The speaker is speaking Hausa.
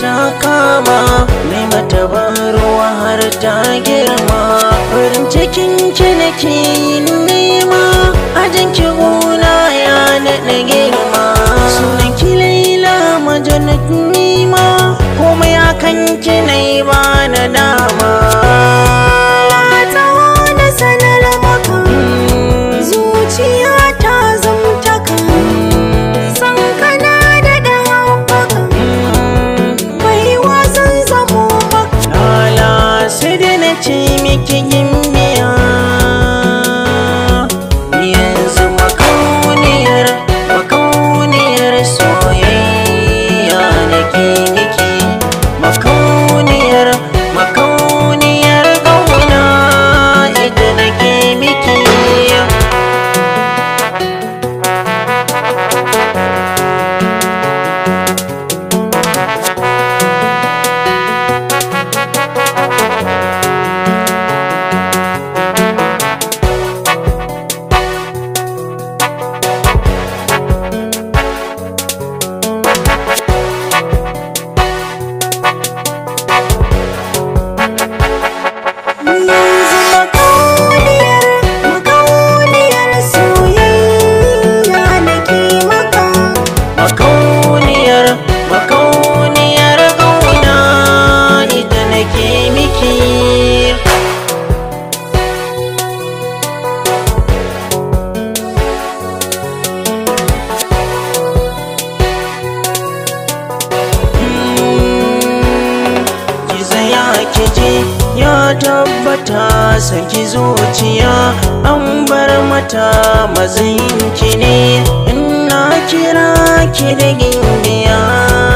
ta kama mai mata ruwa har ta girma farin cikin ki nake yin nema ajin ki gona ya naɗa girma sunan ki laila majanat nima komai akan ki nai ba time que kike ya tabbata saki zuciya an bar mata mazinki ne ina kira ki da gindiya